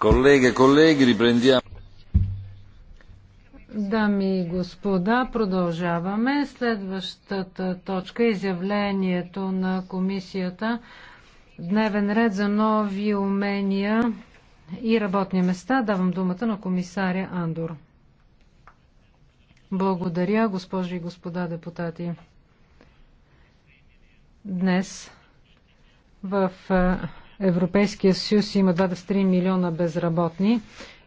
Колеги, колеги, e Дами и господа, продължаваме. Следващата точка е изявлението на комисията Дневен ред за нови умения и работни места. Давам думата на комисаря Андор. Благодаря, госпожи и господа депутати. Днес в Европейския съюз има 23 милиона безработни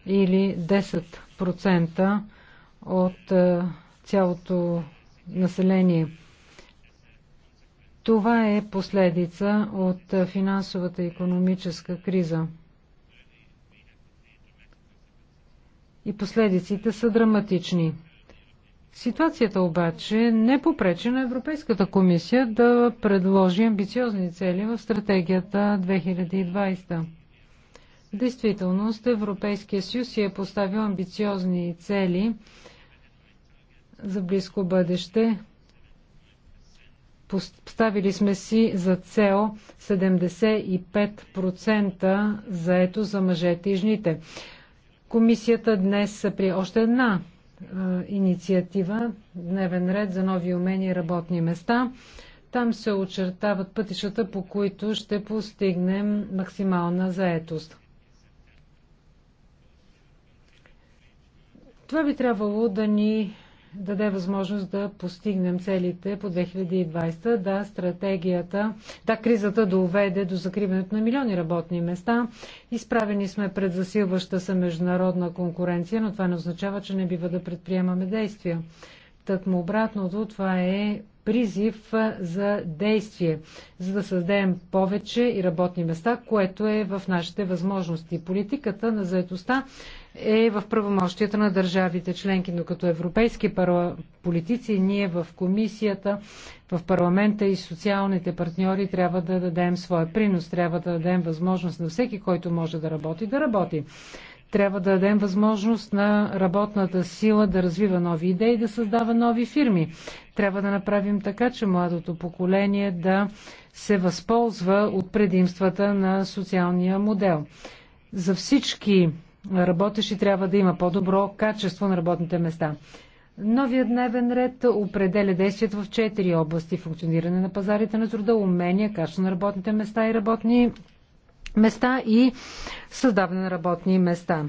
или 10% от е, цялото население. Това е последица от е, финансовата и економическа криза. И последиците са драматични. Ситуацията обаче не попречи на Европейската комисия да предложи амбициозни цели в стратегията 2020. В действителност Европейския съюз си е поставил амбициозни цели за близко бъдеще. Поставили сме си за цел 75% заето за мъжете и жените. Комисията днес е при още една е, инициатива Дневен ред за нови умения и работни места. Там се очертават пътищата, по които ще постигнем максимална заетост. Това би трябвало да ни даде възможност да постигнем целите по 2020. Да, стратегията, да, кризата доведе до закриването на милиони работни места. Изправени сме пред засилваща се международна конкуренция, но това не означава, че не бива да предприемаме действия. Тъкмо обратното, това е призив за действие, за да създадем повече и работни места, което е в нашите възможности. Политиката на заедостта е в правомощията на държавите членки, но като европейски политици ние в комисията, в парламента и социалните партньори трябва да дадем своя принос, трябва да дадем възможност на всеки, който може да работи, да работи. Трябва да дадем възможност на работната сила да развива нови идеи, да създава нови фирми. Трябва да направим така, че младото поколение да се възползва от предимствата на социалния модел. За всички работещи трябва да има по-добро качество на работните места. Новият дневен ред определя действията в четири области. Функциониране на пазарите на труда, умения, качество на работните места и работни места и създаване на работни места.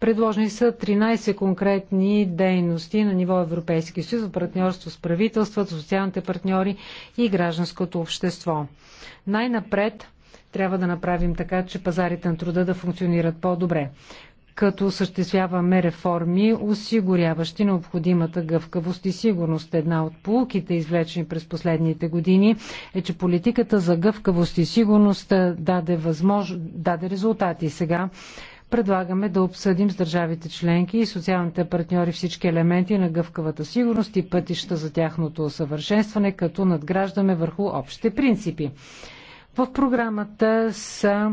Предложени са 13 конкретни дейности на ниво Европейски съюз в партньорство с правителствата, социалните партньори и гражданското общество. Най-напред трябва да направим така, че пазарите на труда да функционират по-добре като осъществяваме реформи, осигуряващи необходимата гъвкавост и сигурност. Една от полуките, извлечени през последните години, е, че политиката за гъвкавост и сигурност даде, възмож... даде резултати. Сега предлагаме да обсъдим с държавите членки и социалните партньори всички елементи на гъвкавата сигурност и пътища за тяхното усъвършенстване, като надграждаме върху общите принципи. В програмата са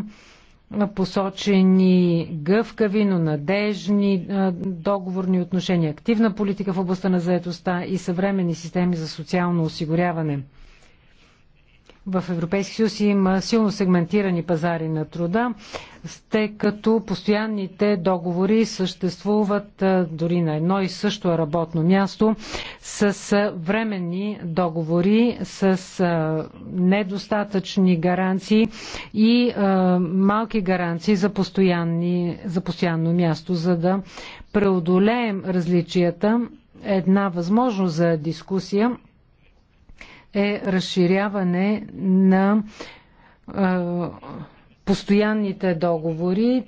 посочени гъвкави, но надежни договорни отношения, активна политика в областта на заедостта и съвременни системи за социално осигуряване – в Европейския съюз има силно сегментирани пазари на труда, тъй като постоянните договори съществуват дори на едно и също работно място с временни договори, с недостатъчни гаранции и малки гаранции за, за постоянно място, за да преодолеем различията. Една възможност за дискусия е разширяване на постоянните договори.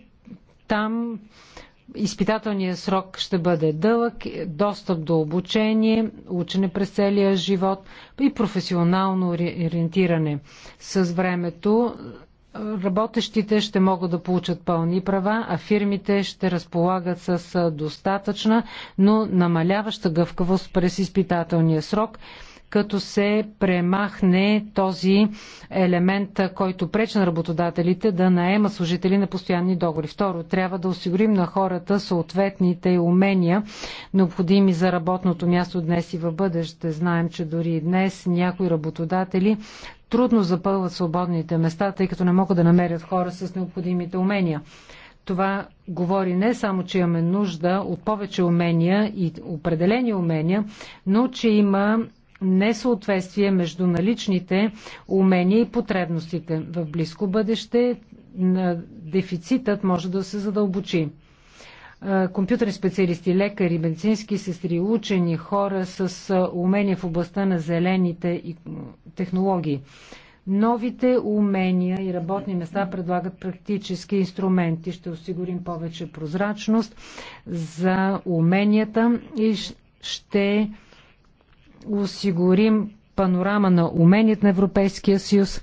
Там изпитателният срок ще бъде дълъг, достъп до обучение, учене през целия живот и професионално ориентиране. С времето работещите ще могат да получат пълни права, а фирмите ще разполагат с достатъчна, но намаляваща гъвкавост през изпитателния срок – като се премахне този елемент, който пречи на работодателите да наема служители на постоянни договори. Второ, трябва да осигурим на хората съответните умения, необходими за работното място днес и в бъдеще. Знаем, че дори и днес някои работодатели трудно запълват свободните места, тъй като не могат да намерят хора с необходимите умения. Това говори не само, че имаме нужда от повече умения и определени умения, но че има несъответствие между наличните умения и потребностите. В близко бъдеще дефицитът може да се задълбочи. Компютърни специалисти, лекари, медицински сестри, учени, хора с умения в областта на зелените технологии. Новите умения и работни места предлагат практически инструменти. Ще осигурим повече прозрачност за уменията и ще осигурим панорама на уменията на Европейския съюз,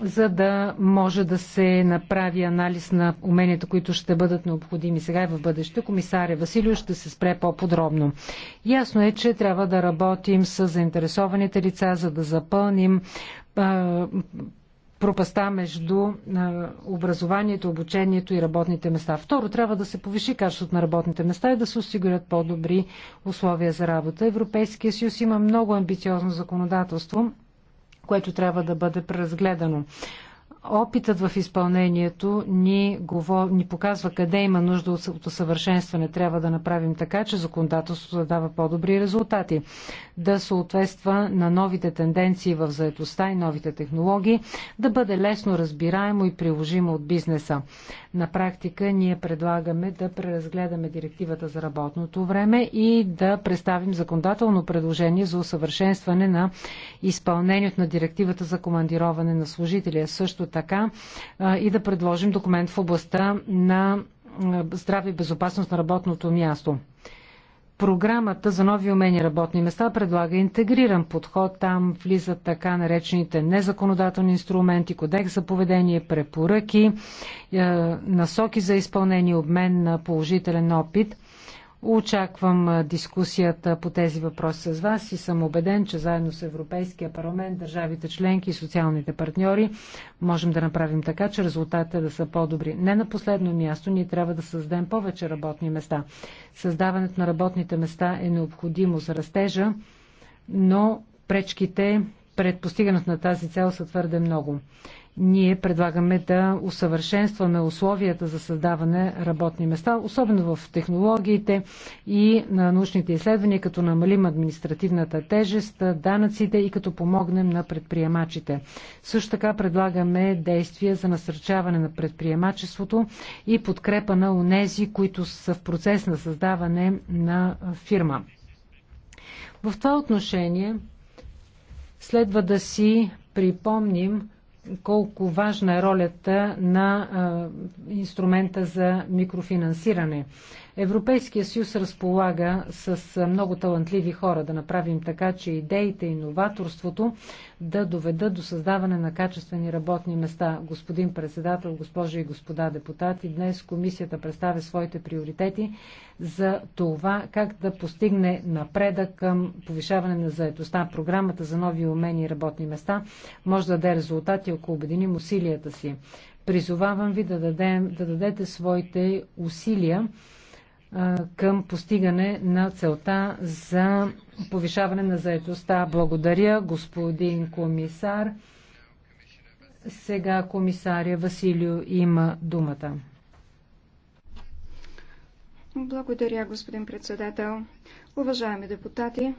за да може да се направи анализ на уменията, които ще бъдат необходими сега и в бъдеще. Комисаря Василио ще се спре по-подробно. Ясно е, че трябва да работим с заинтересованите лица, за да запълним пропаста между образованието, обучението и работните места. Второ, трябва да се повиши качеството на работните места и да се осигурят по-добри условия за работа. Европейския съюз има много амбициозно законодателство, което трябва да бъде преразгледано опитът в изпълнението ни, говор... ни показва къде има нужда от усъвършенстване. Трябва да направим така, че законодателството да дава по-добри резултати, да съответства на новите тенденции в заедостта и новите технологии, да бъде лесно разбираемо и приложимо от бизнеса. На практика ние предлагаме да преразгледаме директивата за работното време и да представим законодателно предложение за усъвършенстване на изпълнението на директивата за командироване на служители. Също така и да предложим документ в областта на здраве и безопасност на работното място. Програмата за нови умения работни места предлага интегриран подход. Там влизат така наречените незаконодателни инструменти, кодекс за поведение, препоръки, е, насоки за изпълнение, обмен на положителен опит – Очаквам дискусията по тези въпроси с вас и съм убеден, че заедно с Европейския парламент, държавите членки и социалните партньори можем да направим така, че резултатите да са по-добри. Не на последно място, ние трябва да създадем повече работни места. Създаването на работните места е необходимо за растежа, но пречките пред постигането на тази цел са твърде много ние предлагаме да усъвършенстваме условията за създаване работни места, особено в технологиите и на научните изследвания, като намалим административната тежест, данъците и като помогнем на предприемачите. Също така предлагаме действия за насърчаване на предприемачеството и подкрепа на унези, които са в процес на създаване на фирма. В това отношение следва да си припомним, колко важна е ролята на инструмента за микрофинансиране. Европейския съюз разполага с много талантливи хора да направим така, че идеите и новаторството да доведат до създаване на качествени работни места. Господин председател, госпожи и господа депутати, днес комисията представя своите приоритети за това как да постигне напредък към повишаване на заедостта. Програмата за нови умения и работни места може да даде резултати, ако обединим усилията си. Призовавам ви да, дадем, да дадете своите усилия към постигане на целта за повишаване на заедостта. Благодаря, господин комисар. Сега комисаря Василио има думата. Благодаря, господин председател. Уважаеми депутати,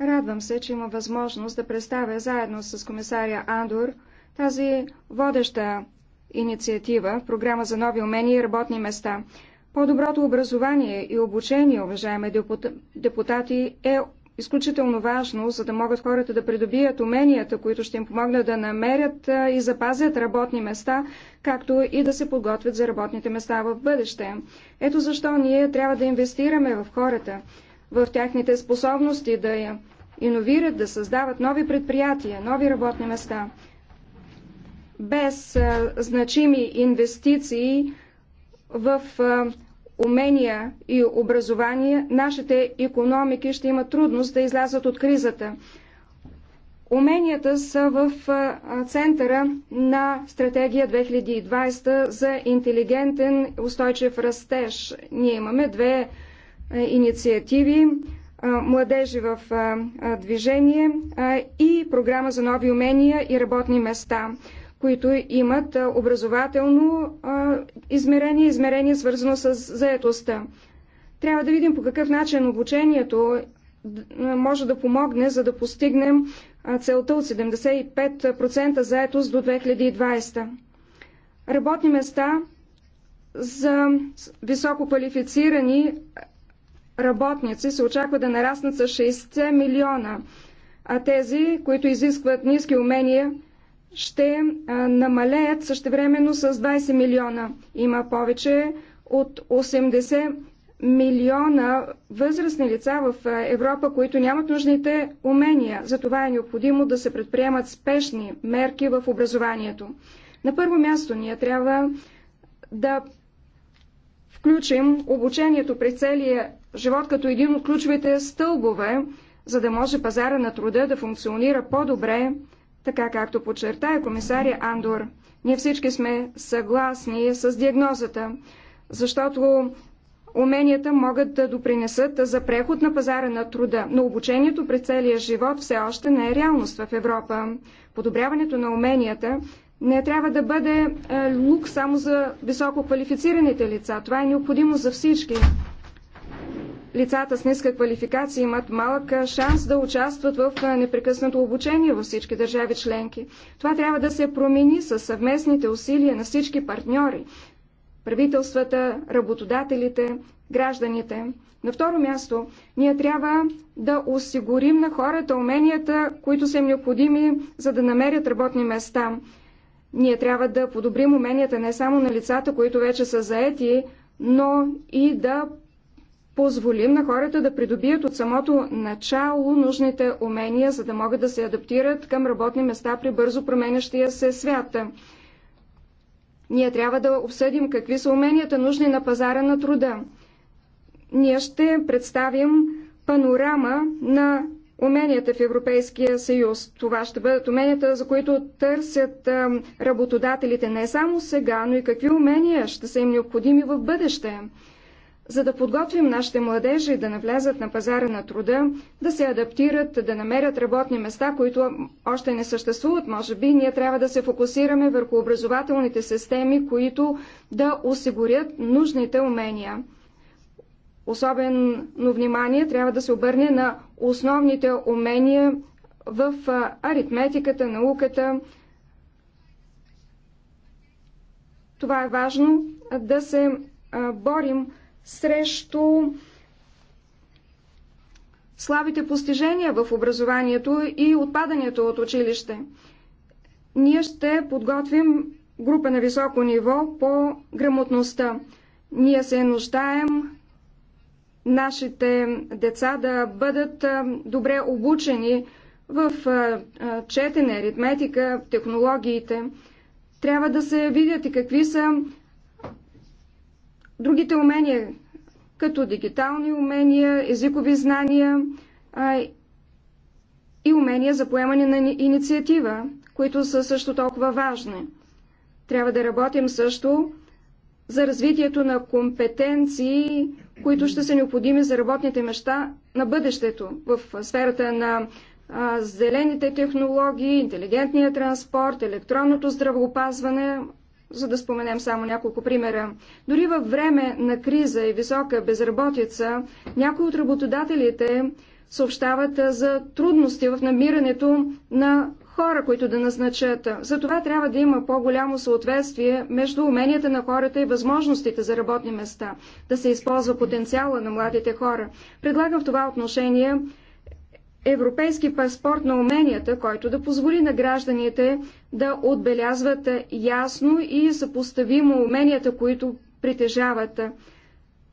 радвам се, че има възможност да представя заедно с комисаря Андор тази водеща инициатива, програма за нови умения и работни места. По-доброто образование и обучение, уважаеми депутати, е изключително важно, за да могат хората да придобият уменията, които ще им помогнат да намерят и запазят работни места, както и да се подготвят за работните места в бъдеще. Ето защо ние трябва да инвестираме в хората, в тяхните способности да я иновират, да създават нови предприятия, нови работни места. Без а, значими инвестиции в умения и образование, нашите економики ще имат трудност да излязат от кризата. Уменията са в центъра на стратегия 2020 за интелигентен устойчив растеж. Ние имаме две инициативи младежи в движение и програма за нови умения и работни места които имат образователно измерение, измерение свързано с заетостта. Трябва да видим по какъв начин обучението може да помогне, за да постигнем целта от 75% заетост до 2020. Работни места за високо квалифицирани работници се очаква да нараснат с 60 милиона, а тези, които изискват ниски умения, ще намалеят същевременно с 20 милиона. Има повече от 80 милиона възрастни лица в Европа, които нямат нужните умения. Затова е необходимо да се предприемат спешни мерки в образованието. На първо място ние трябва да включим обучението през целия живот като един от ключовите стълбове, за да може пазара на труда да функционира по-добре, така както подчертая комисаря Андор. Ние всички сме съгласни с диагнозата, защото уменията могат да допринесат за преход на пазара на труда, но обучението през целия живот все още не е реалност в Европа. Подобряването на уменията не трябва да бъде е, лук само за високо квалифицираните лица. Това е необходимо за всички. Лицата с ниска квалификация имат малък шанс да участват в непрекъснато обучение във всички държави членки. Това трябва да се промени с съвместните усилия на всички партньори правителствата, работодателите, гражданите. На второ място, ние трябва да осигурим на хората уменията, които са им необходими, за да намерят работни места. Ние трябва да подобрим уменията не само на лицата, които вече са заети, но и да позволим на хората да придобият от самото начало нужните умения, за да могат да се адаптират към работни места при бързо променящия се свят. Ние трябва да обсъдим какви са уменията нужни на пазара на труда. Ние ще представим панорама на уменията в Европейския съюз. Това ще бъдат уменията, за които търсят работодателите не само сега, но и какви умения ще са им необходими в бъдеще за да подготвим нашите младежи да навлязат на пазара на труда, да се адаптират, да намерят работни места, които още не съществуват, може би, ние трябва да се фокусираме върху образователните системи, които да осигурят нужните умения. Особено внимание трябва да се обърне на основните умения в аритметиката, науката. Това е важно да се борим срещу слабите постижения в образованието и отпадането от училище. Ние ще подготвим група на високо ниво по грамотността. Ние се нуждаем нашите деца да бъдат добре обучени в четене, аритметика, технологиите. Трябва да се видят и какви са другите умения, като дигитални умения, езикови знания а, и умения за поемане на инициатива, които са също толкова важни. Трябва да работим също за развитието на компетенции, които ще са необходими за работните места на бъдещето в сферата на а, зелените технологии, интелигентния транспорт, електронното здравеопазване, за да споменем само няколко примера. Дори във време на криза и висока безработица, някои от работодателите съобщават за трудности в намирането на хора, които да назначат. За това трябва да има по-голямо съответствие между уменията на хората и възможностите за работни места, да се използва потенциала на младите хора. Предлагам в това отношение европейски паспорт на уменията, който да позволи на гражданите да отбелязват ясно и съпоставимо уменията, които притежават.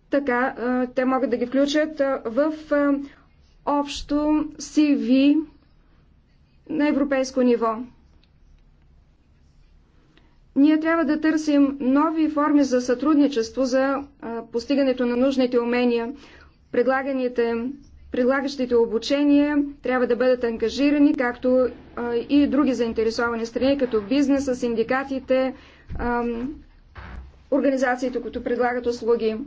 Така те могат да ги включат в общо CV на европейско ниво. Ние трябва да търсим нови форми за сътрудничество за постигането на нужните умения. Предлаганите Прилагащите обучения трябва да бъдат ангажирани, както и други заинтересовани страни, като бизнеса, синдикатите, организациите, които предлагат услуги.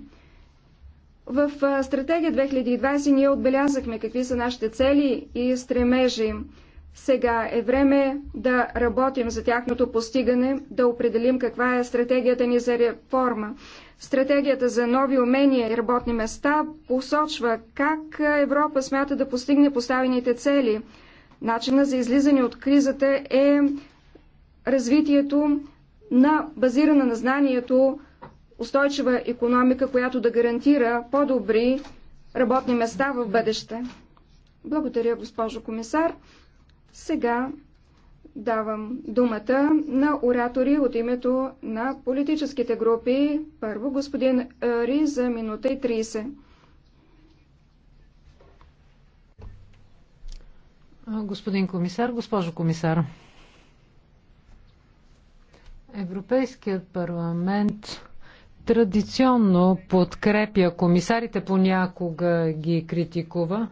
В стратегия 2020 ние отбелязахме какви са нашите цели и стремежи. Сега е време да работим за тяхното постигане, да определим каква е стратегията ни за реформа. Стратегията за нови умения и работни места посочва как Европа смята да постигне поставените цели. Начина за излизане от кризата е развитието на базирана на знанието устойчива економика, която да гарантира по-добри работни места в бъдеще. Благодаря, госпожо комисар. Сега давам думата на оратори от името на политическите групи. Първо господин Ри за минута и 30. Господин комисар, госпожо комисар. Европейският парламент традиционно подкрепя комисарите, понякога ги критикува.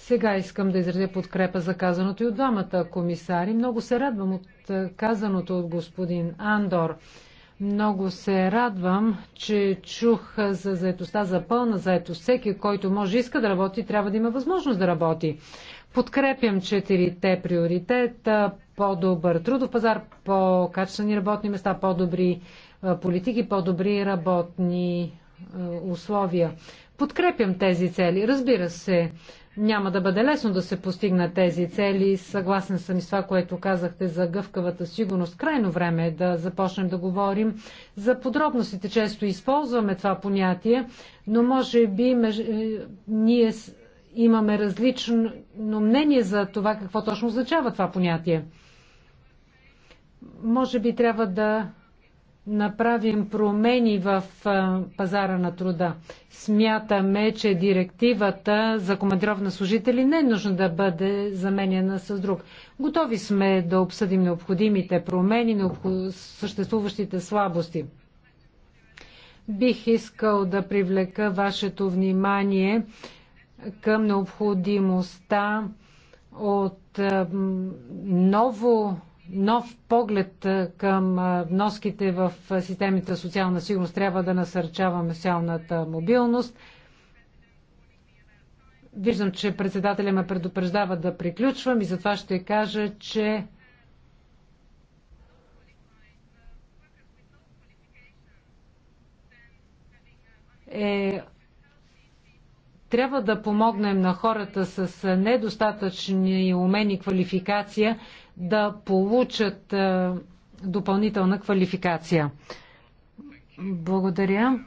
Сега искам да изразя подкрепа за казаното и от двамата комисари. Много се радвам от е, казаното от господин Андор. Много се радвам, че чух за заетостта, за пълна заетост. Всеки, който може иска да работи, трябва да има възможност да работи. Подкрепям четирите приоритета по-добър трудов пазар, по-качествени работни места, по-добри е, политики, по-добри работни е, условия. Подкрепям тези цели. Разбира се, няма да бъде лесно да се постигнат тези цели. Съгласен съм и с това, което казахте за гъвкавата сигурност. Крайно време е да започнем да говорим за подробностите. Често използваме това понятие, но може би меж... Е, ние имаме различно мнение за това какво точно означава това понятие. Може би трябва да направим промени в пазара на труда. Смятаме, че директивата за командиров на служители не е нужно да бъде заменена с друг. Готови сме да обсъдим необходимите промени, необх... съществуващите слабости. Бих искал да привлека вашето внимание към необходимостта от ново нов поглед към вноските в системите социална сигурност. Трябва да насърчаваме социалната мобилност. Виждам, че председателя ме предупреждава да приключвам и затова ще кажа, че е трябва да помогнем на хората с недостатъчни умени квалификация да получат е, допълнителна квалификация. Благодаря.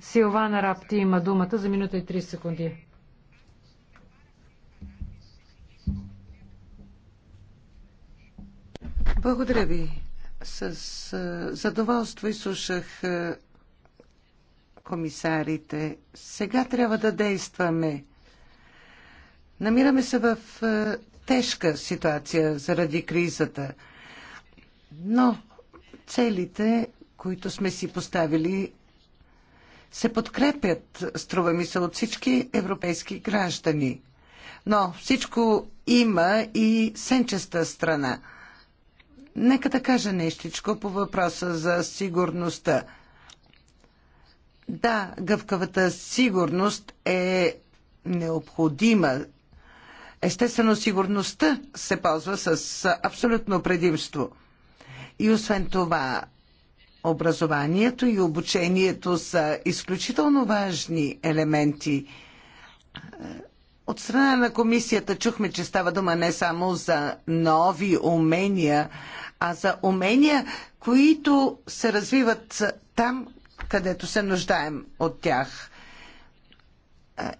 Силвана Рапти има думата за минута и 30 секунди. Благодаря ви. С е, задоволство изслушах е, комисарите. Сега трябва да действаме. Намираме се в тежка ситуация заради кризата. Но целите, които сме си поставили, се подкрепят, струва ми се, от всички европейски граждани. Но всичко има и сенчеста страна. Нека да кажа нещичко по въпроса за сигурността. Да, гъвкавата сигурност е необходима Естествено, сигурността се ползва с абсолютно предимство. И освен това, образованието и обучението са изключително важни елементи. От страна на комисията чухме, че става дума не само за нови умения, а за умения, които се развиват там, където се нуждаем от тях.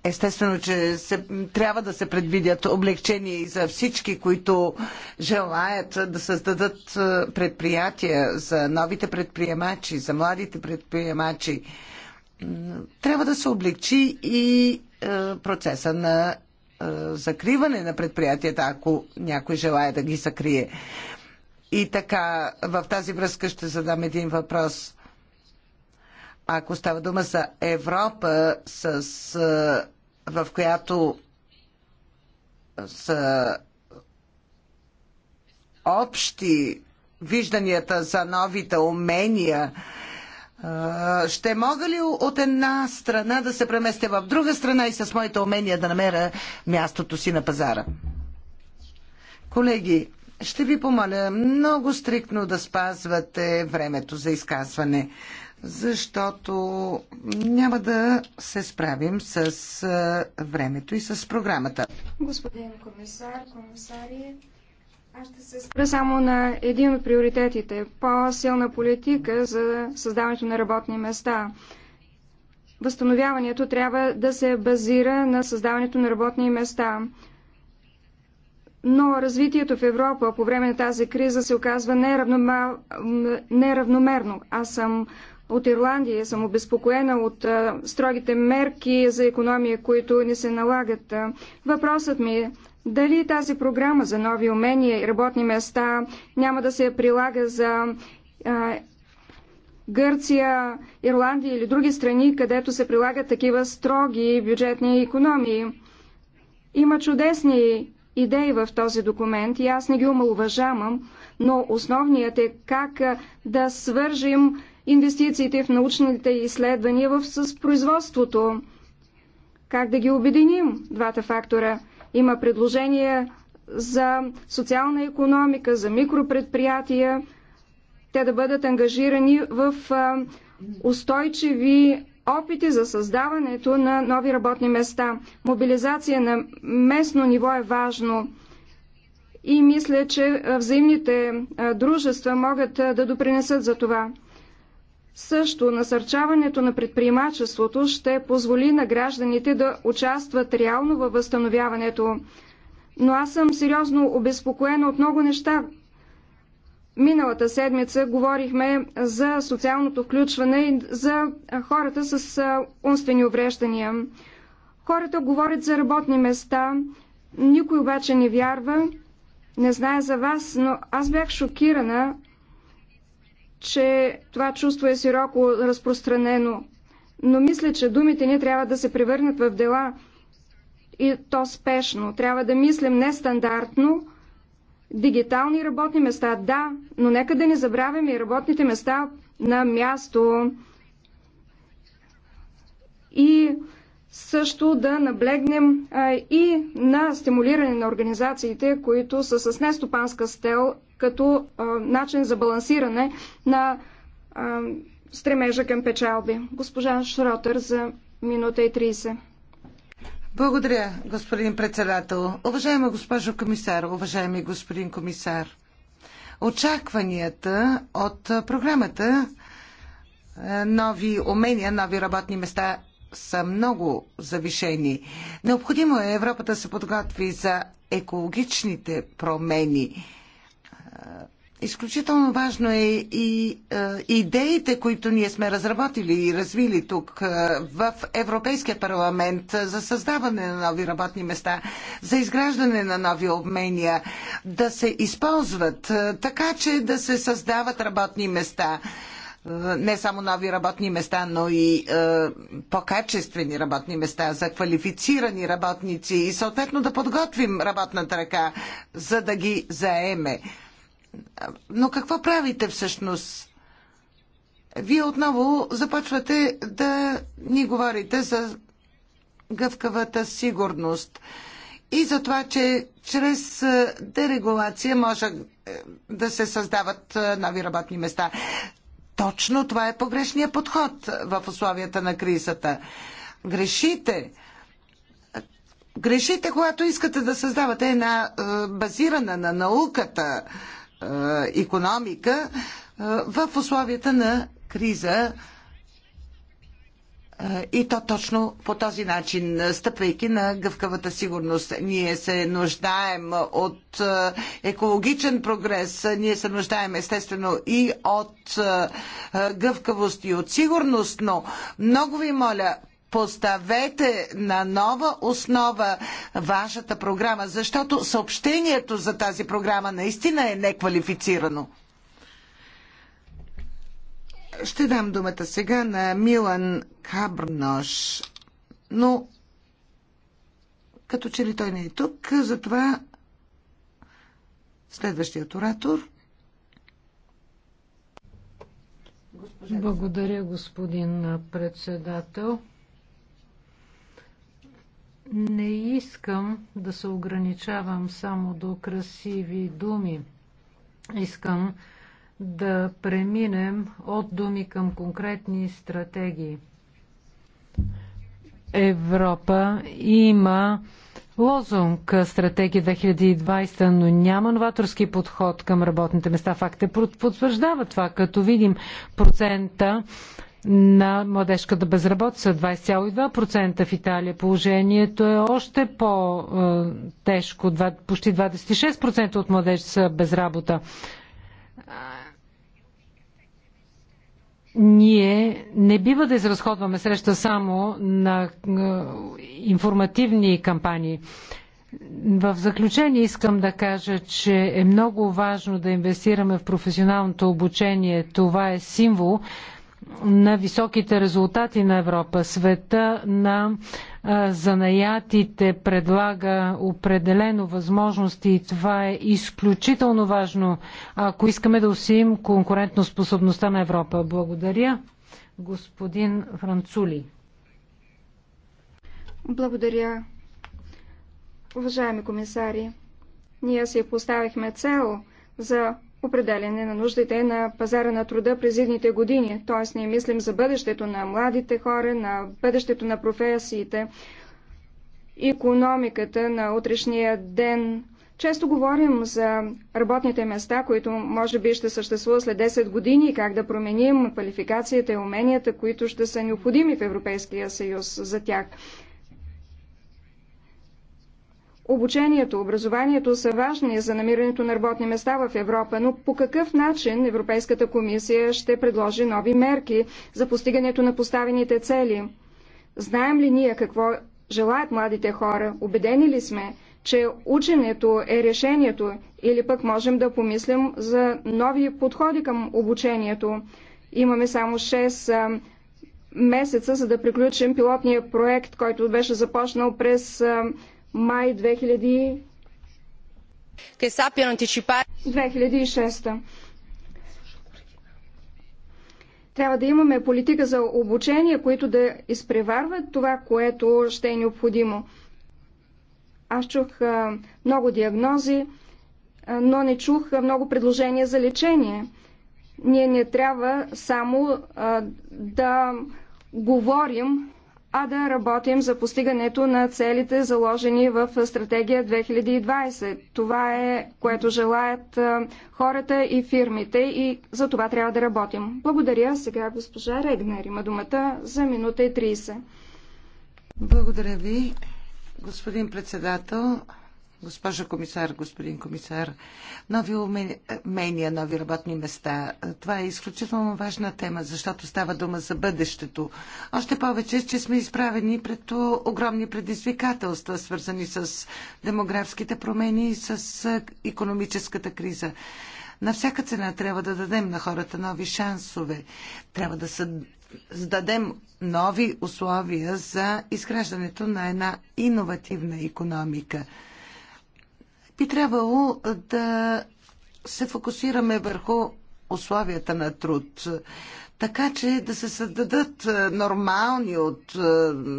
Естествено, че се, трябва да се предвидят облегчения и за всички, които желаят да създадат е, предприятия за новите предприемачи, за младите предприемачи. Трябва да се облегчи и е, процеса на е, закриване на предприятията, ако някой желая да ги закрие. И така, в тази връзка ще задам един въпрос ако става дума за Европа, с, в която са общи вижданията за новите умения, ще мога ли от една страна да се преместя в друга страна и с моите умения да намеря мястото си на пазара? Колеги, ще ви помоля много стриктно да спазвате времето за изказване защото няма да се справим с времето и с програмата. Господин комисар, комисари, аз ще се спра само на един от приоритетите – по-силна политика за създаването на работни места. Възстановяването трябва да се базира на създаването на работни места. Но развитието в Европа по време на тази криза се оказва неравномерно. Аз съм от Ирландия. Съм обезпокоена от строгите мерки за економия, които ни се налагат. Въпросът ми е дали тази програма за нови умения и работни места няма да се прилага за Гърция, Ирландия или други страни, където се прилагат такива строги бюджетни економии. Има чудесни идеи в този документ и аз не ги омалуважавам, но основният е как да свържим инвестициите в научните изследвания в, с производството. Как да ги обединим двата фактора? Има предложения за социална економика, за микропредприятия, те да бъдат ангажирани в устойчиви опити за създаването на нови работни места. Мобилизация на местно ниво е важно и мисля, че взаимните дружества могат да допринесат за това. Също насърчаването на предприемачеството ще позволи на гражданите да участват реално във възстановяването. Но аз съм сериозно обезпокоена от много неща. Миналата седмица говорихме за социалното включване и за хората с умствени увреждания. Хората говорят за работни места, никой обаче не вярва. Не знае за вас, но аз бях шокирана че това чувство е широко разпространено. Но мисля, че думите ни трябва да се превърнат в дела и то спешно. Трябва да мислим нестандартно, дигитални работни места, да, но нека да не забравяме и работните места на място. И също да наблегнем а, и на стимулиране на организациите, които са с нестопанска стел като а, начин за балансиране на а, стремежа към печалби. Госпожа Шротер за минута и 30. Благодаря, господин председател. Уважаема госпожо комисар, уважаеми господин комисар, очакванията от програмата нови умения, нови работни места са много завишени. Необходимо е Европа да се подготви за екологичните промени Изключително важно е и е, идеите, които ние сме разработили и развили тук е, в Европейския парламент за създаване на нови работни места, за изграждане на нови обмения, да се използват е, така, че да се създават работни места. Не само нови работни места, но и по-качествени работни места за квалифицирани работници и съответно да подготвим работната ръка, за да ги заеме. Но какво правите всъщност? Вие отново започвате да ни говорите за гъвкавата сигурност и за това, че чрез е, дерегулация може е, да се създават е, нови работни места. Точно това е погрешният подход в условията на кризата. Грешите. Грешите, когато искате да създавате една базирана на науката економика е, в условията на криза е, и то точно по този начин, стъпвайки на гъвкавата сигурност. Ние се нуждаем от е, екологичен прогрес, ние се нуждаем естествено и от гъвкавост и от сигурност, но много ви моля, поставете на нова основа вашата програма, защото съобщението за тази програма наистина е неквалифицирано. Ще дам думата сега на Милан Кабрнош, но като че ли той не е тук, затова следващият оратор. Благодаря, господин председател. Не искам да се ограничавам само до красиви думи. Искам да преминем от думи към конкретни стратегии. Европа има лозунг стратегия 2020, но няма новаторски подход към работните места. Факт е потвърждава това, като видим процента на младежката безработица 20,2% в Италия. Положението е още по-тежко. Почти 26% от младежите са без работа. Ние не бива да изразходваме среща само на информативни кампании. В заключение искам да кажа, че е много важно да инвестираме в професионалното обучение. Това е символ на високите резултати на Европа. Света на занаятите предлага определено възможности и това е изключително важно, ако искаме да усилим способността на Европа. Благодаря, господин Францули. Благодаря, уважаеми комисари. Ние си поставихме цел за определяне на нуждите на пазара на труда през едните години. Т.е. ние мислим за бъдещето на младите хора, на бъдещето на професиите, економиката на утрешния ден. Често говорим за работните места, които може би ще съществуват след 10 години, как да променим квалификацията и уменията, които ще са необходими в Европейския съюз за тях. Обучението, образованието са важни за намирането на работни места в Европа, но по какъв начин Европейската комисия ще предложи нови мерки за постигането на поставените цели? Знаем ли ние какво желаят младите хора? Обедени ли сме, че ученето е решението или пък можем да помислим за нови подходи към обучението? Имаме само 6 месеца, за да приключим пилотния проект, който беше започнал през май 2000... 2006. Трябва да имаме политика за обучение, които да изпреварват това, което ще е необходимо. Аз чух много диагнози, но не чух много предложения за лечение. Ние не трябва само да говорим а да работим за постигането на целите, заложени в стратегия 2020. Това е, което желаят хората и фирмите и за това трябва да работим. Благодаря. Сега госпожа Регнер има думата за минута и 30. Благодаря ви, господин председател госпожа комисар, господин комисар. Нови умения, нови работни места. Това е изключително важна тема, защото става дума за бъдещето. Още повече, че сме изправени пред огромни предизвикателства, свързани с демографските промени и с економическата криза. На всяка цена трябва да дадем на хората нови шансове. Трябва да създадем нови условия за изграждането на една иновативна економика би трябвало да се фокусираме върху условията на труд, така че да се създадат нормални от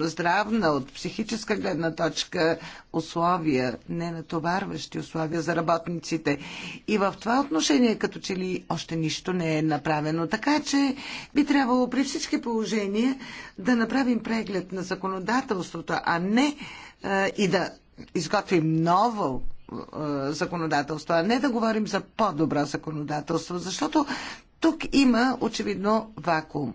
здравна, от психическа гледна точка условия, не натоварващи условия за работниците. И в това отношение, като че ли още нищо не е направено. Така че би трябвало при всички положения да направим преглед на законодателството, а не и да изготвим ново е, законодателство, а не да говорим за по-добро законодателство, защото тук има очевидно вакуум.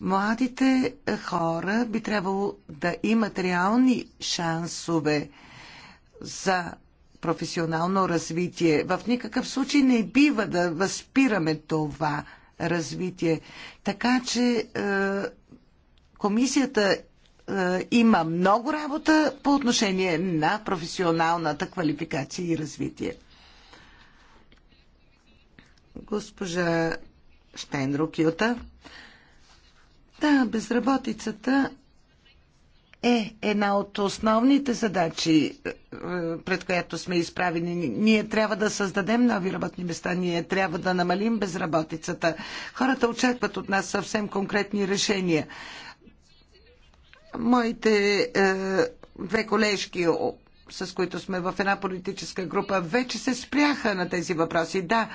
Младите хора би трябвало да имат реални шансове за професионално развитие. В никакъв случай не бива да възпираме това развитие. Така че е, комисията е, има много работа по отношение на професионалната квалификация и развитие. Госпожа Штайнрук Юта. Да, безработицата е една от основните задачи, е, пред която сме изправени. Ние трябва да създадем нови работни места, ние трябва да намалим безработицата. Хората очакват от нас съвсем конкретни решения. Моите е, две колежки с които сме в една политическа група, вече се спряха на тези въпроси. Да,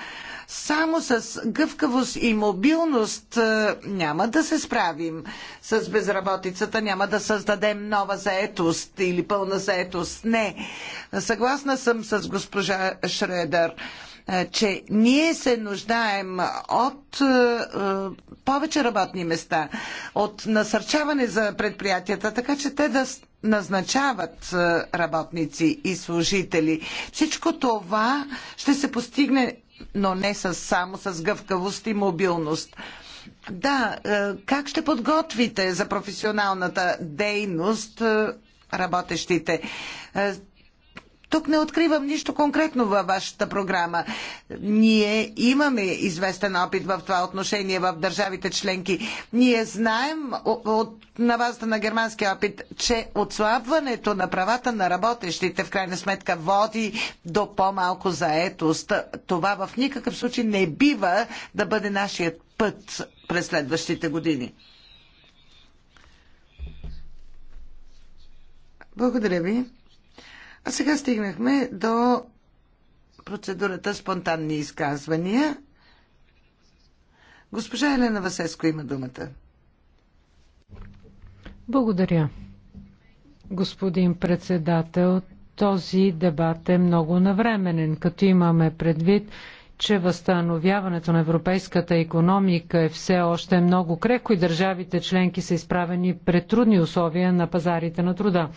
само с гъвкавост и мобилност е, няма да се справим с безработицата, няма да създадем нова заетост или пълна заетост. Не. Съгласна съм с госпожа Шредер че ние се нуждаем от повече работни места, от насърчаване за предприятията, така че те да назначават работници и служители. Всичко това ще се постигне, но не с, само с гъвкавост и мобилност. Да, как ще подготвите за професионалната дейност работещите? тук не откривам нищо конкретно във вашата програма. Ние имаме известен опит в това отношение в държавите членки. Ние знаем от, на базата на германския опит, че отслабването на правата на работещите в крайна сметка води до по-малко заетост. Това в никакъв случай не бива да бъде нашият път през следващите години. Благодаря ви. А сега стигнахме до процедурата спонтанни изказвания. Госпожа Елена Васеско има думата. Благодаря. Господин председател, този дебат е много навременен, като имаме предвид, че възстановяването на европейската економика е все още много креко и държавите членки са изправени пред трудни условия на пазарите на труда.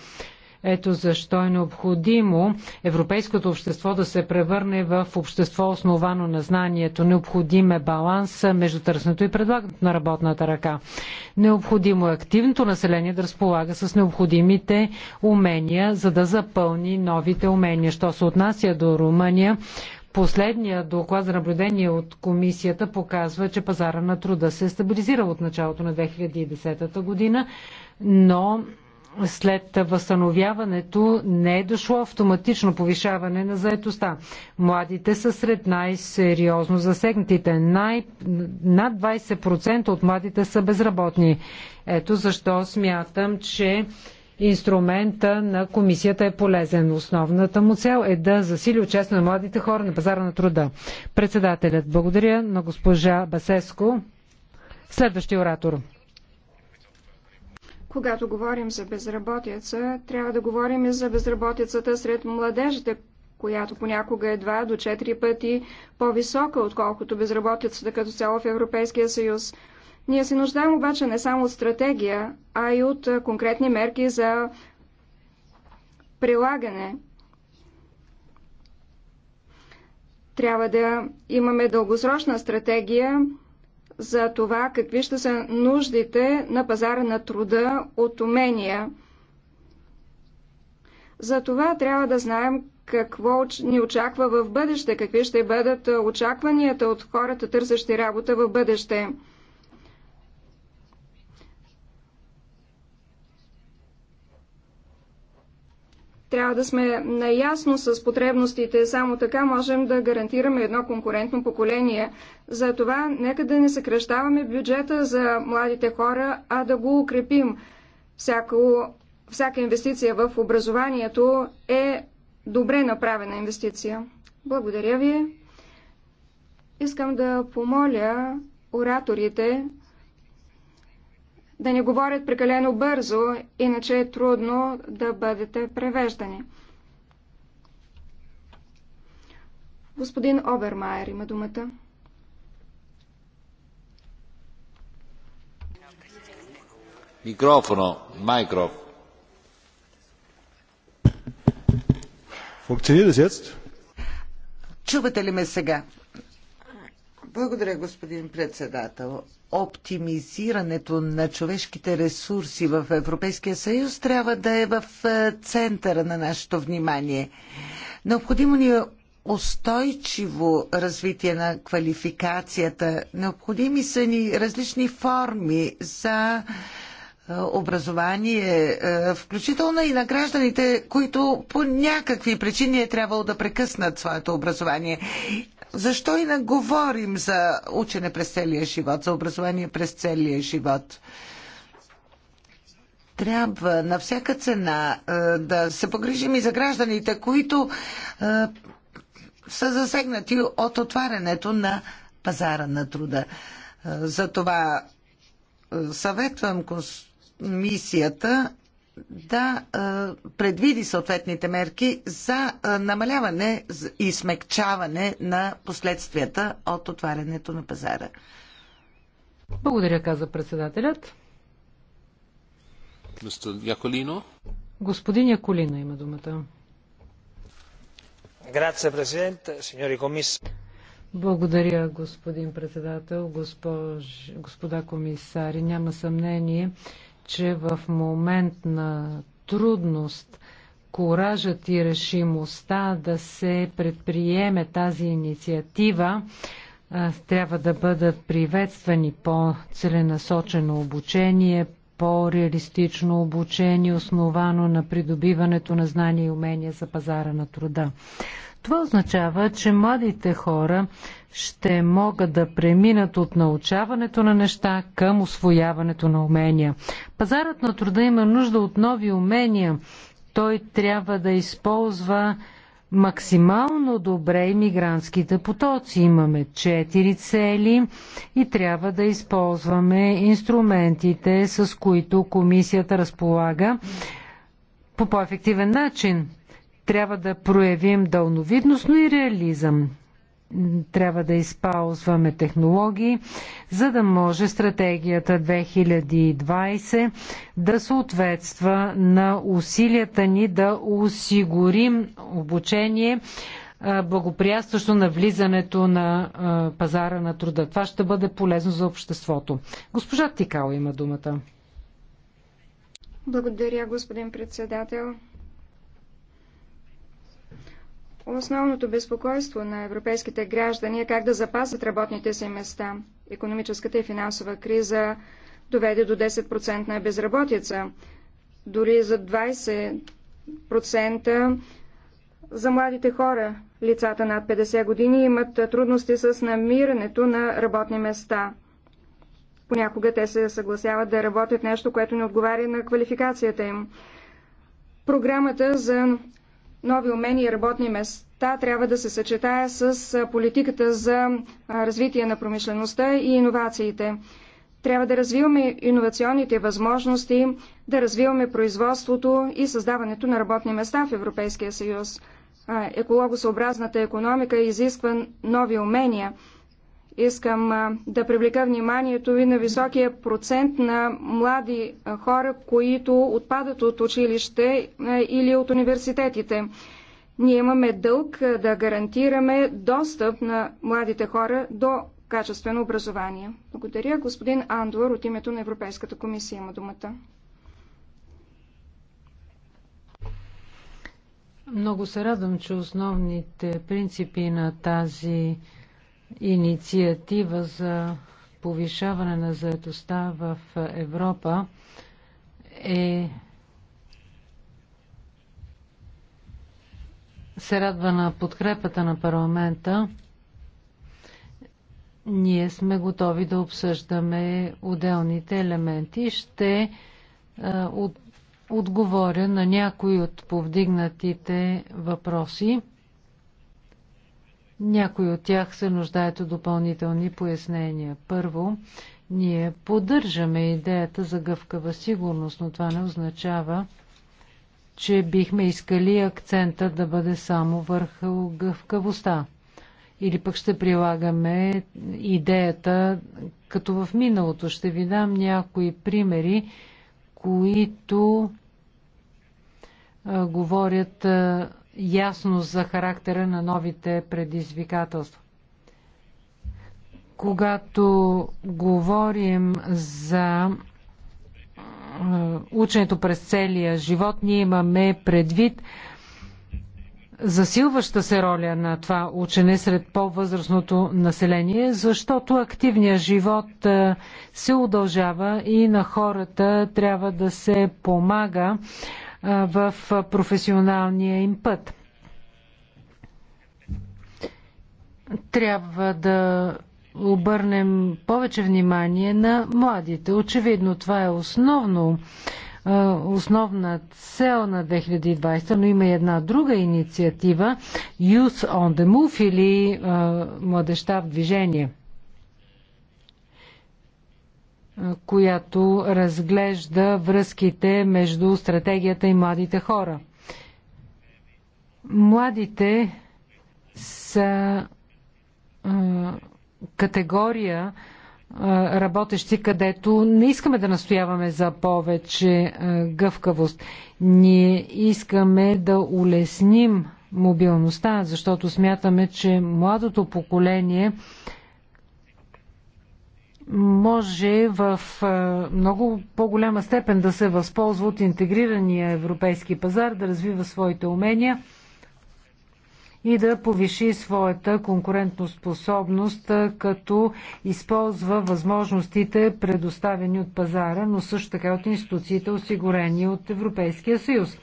Ето защо е необходимо европейското общество да се превърне в общество основано на знанието. Необходим е баланс между търсенето и предлагането на работната ръка. Необходимо е активното население да разполага с необходимите умения, за да запълни новите умения. Що се отнася до Румъния, Последният доклад за наблюдение от комисията показва, че пазара на труда се е стабилизирал от началото на 2010 година, но след възстановяването не е дошло автоматично повишаване на заетостта. Младите са сред най-сериозно засегнатите. Най- над 20% от младите са безработни. Ето защо смятам, че инструмента на комисията е полезен. Основната му цел е да засили участие на младите хора на пазара на труда. Председателят благодаря на госпожа Басеско. Следващия оратор. Когато говорим за безработица, трябва да говорим и за безработицата сред младежите, която понякога е 2 до 4 пъти по-висока, отколкото безработицата като цяло в Европейския съюз. Ние се нуждаем обаче не само от стратегия, а и от конкретни мерки за прилагане. Трябва да имаме дългосрочна стратегия, за това какви ще са нуждите на пазара на труда от умения. За това трябва да знаем какво ни очаква в бъдеще, какви ще бъдат очакванията от хората, търсещи работа в бъдеще. Трябва да сме наясно с потребностите, само така можем да гарантираме едно конкурентно поколение. За това нека да не съкръщаваме бюджета за младите хора, а да го укрепим. Всяко, всяка инвестиция в образованието е добре направена инвестиция. Благодаря ви. Искам да помоля ораторите да не говорят прекалено бързо, иначе е трудно да бъдете превеждани. Господин Обермайер има думата. Микрофоно, майкроф. Функционира ли Чувате ли ме сега? Благодаря, господин председател. Оптимизирането на човешките ресурси в Европейския съюз трябва да е в е, центъра на нашето внимание. Необходимо ни е устойчиво развитие на квалификацията. Необходими са ни различни форми за е, образование, е, включително и на гражданите, които по някакви причини е трябвало да прекъснат своето образование. Защо и не говорим за учене през целия живот, за образование през целия живот? Трябва на всяка цена е, да се погрижим и за гражданите, които е, са засегнати от отварянето на пазара на труда. Е, затова съветвам мисията да предвиди съответните мерки за намаляване и смекчаване на последствията от отварянето на пазара. Благодаря, каза председателят. Яколино. Господин Яколино има думата. Грация, президент, сеньори комис. Благодаря, господин председател, госпож, господа комисари. Няма съмнение, че в момент на трудност коражът и решимостта да се предприеме тази инициатива трябва да бъдат приветствани по-целенасочено обучение, по-реалистично обучение, основано на придобиването на знания и умения за пазара на труда. Това означава, че младите хора ще могат да преминат от научаването на неща към освояването на умения. Пазарът на труда има нужда от нови умения. Той трябва да използва максимално добре иммигрантските потоци. Имаме четири цели и трябва да използваме инструментите, с които комисията разполага по по-ефективен начин. Трябва да проявим дълновидност, но и реализъм. Трябва да използваме технологии, за да може стратегията 2020 да съответства на усилията ни да осигурим обучение, благоприятстващо на влизането на пазара на труда. Това ще бъде полезно за обществото. Госпожа Тикао има думата. Благодаря, господин председател. Основното безпокойство на европейските граждани е как да запазят работните си места. Економическата и финансова криза доведе до 10% на безработица, дори за 20% за младите хора. Лицата над 50 години имат трудности с намирането на работни места. Понякога те се съгласяват да работят нещо, което не отговаря на квалификацията им. Програмата за нови умения и работни места трябва да се съчетая с политиката за развитие на промишлеността и иновациите. Трябва да развиваме иновационните възможности, да развиваме производството и създаването на работни места в Европейския съюз. Екологосъобразната економика изисква нови умения – Искам да привлека вниманието ви на високия процент на млади хора, които отпадат от училище или от университетите. Ние имаме дълг да гарантираме достъп на младите хора до качествено образование. Благодаря. Господин Андуар от името на Европейската комисия има думата. Много се радвам, че основните принципи на тази инициатива за повишаване на заедостта в Европа е се радва на подкрепата на парламента. Ние сме готови да обсъждаме отделните елементи. Ще е, от, отговоря на някои от повдигнатите въпроси. Някои от тях се нуждаят от допълнителни пояснения. Първо, ние поддържаме идеята за гъвкава сигурност, но това не означава, че бихме искали акцента да бъде само върху гъвкавостта. Или пък ще прилагаме идеята, като в миналото ще ви дам някои примери, които а, говорят а, ясност за характера на новите предизвикателства. Когато говорим за е, ученето през целия живот, ние имаме предвид засилваща се роля на това учене сред по-възрастното население, защото активният живот е, се удължава и на хората трябва да се помага в професионалния им път. Трябва да обърнем повече внимание на младите. Очевидно, това е основно, основна цел на 2020, но има и една друга инициатива Youth on the Move или Младеща в движение която разглежда връзките между стратегията и младите хора. Младите са категория работещи, където не искаме да настояваме за повече гъвкавост. Ние искаме да улесним мобилността, защото смятаме, че младото поколение може в е, много по-голяма степен да се възползва от интегрирания европейски пазар, да развива своите умения и да повиши своята конкурентоспособност, е, като използва възможностите предоставени от пазара, но също така от институциите, осигурени от Европейския съюз.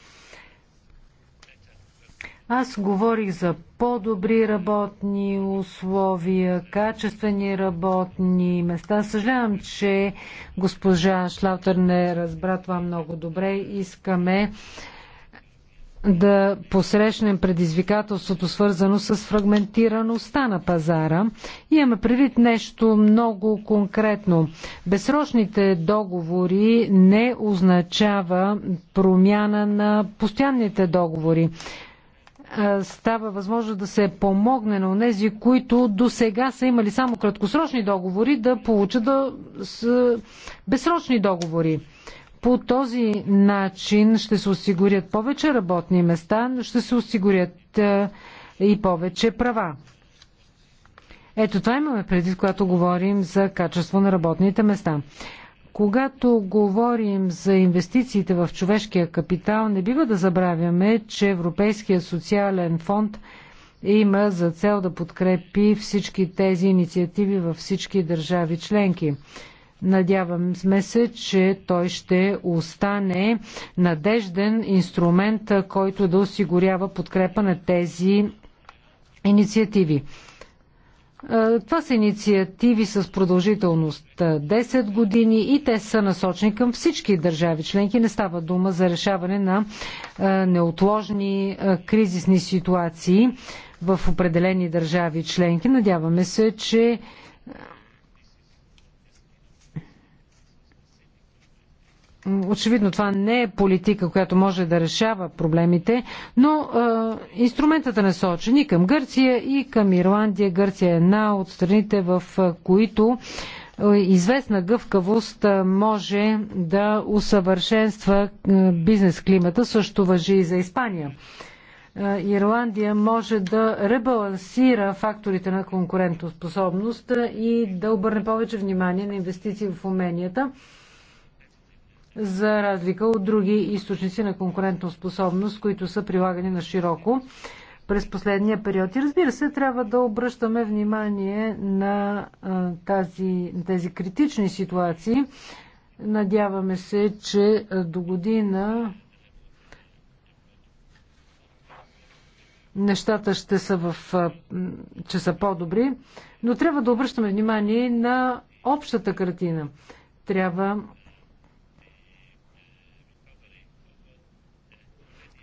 Аз говорих за по-добри работни условия, качествени работни места. Съжалявам, че госпожа Шлаутер не разбра това много добре. Искаме да посрещнем предизвикателството, свързано с фрагментираността на пазара. И имаме предвид нещо много конкретно. Безсрочните договори не означава промяна на постоянните договори става възможност да се помогне на тези, които до сега са имали само краткосрочни договори, да получат да, с, безсрочни договори. По този начин ще се осигурят повече работни места, но ще се осигурят и повече права. Ето това имаме преди, когато говорим за качество на работните места. Когато говорим за инвестициите в човешкия капитал, не бива да забравяме, че Европейския социален фонд има за цел да подкрепи всички тези инициативи във всички държави членки. Надяваме се, че той ще остане надежден инструмент, който да осигурява подкрепа на тези инициативи. Е, това са инициативи с продължителност 10 е, години и те са насочени към всички държави членки. Не става дума за решаване на е, неотложни кризисни ситуации в определени държави членки. Надяваме се, че Очевидно това не е политика, която може да решава проблемите, но е, инструментът е насочен и към Гърция, и към Ирландия. Гърция е една от страните, в които известна гъвкавост може да усъвършенства бизнес климата. Също въжи и за Испания. Ирландия може да ребалансира факторите на конкурентоспособност и да обърне повече внимание на инвестиции в уменията за разлика от други източници на конкурентоспособност, които са прилагани на широко през последния период. И разбира се, трябва да обръщаме внимание на тази, тези критични ситуации. Надяваме се, че до година нещата ще са, в, че са по-добри, но трябва да обръщаме внимание на общата картина. Трябва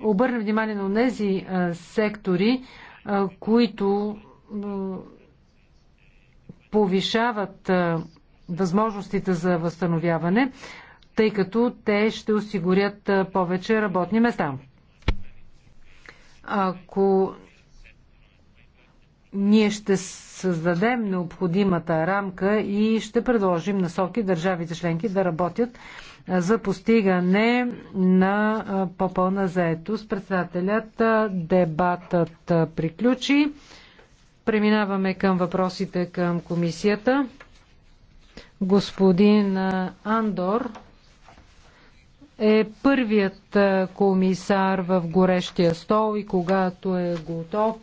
обърнем внимание на тези сектори, които повишават възможностите за възстановяване, тъй като те ще осигурят повече работни места. Ако ние ще създадем необходимата рамка и ще предложим насоки държавите членки да работят за постигане на по-пълна заетост. Председателят дебатът приключи. Преминаваме към въпросите към комисията. Господин Андор е първият комисар в горещия стол и когато е готов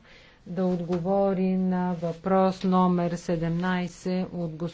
да отговори на въпрос номер 17 от господин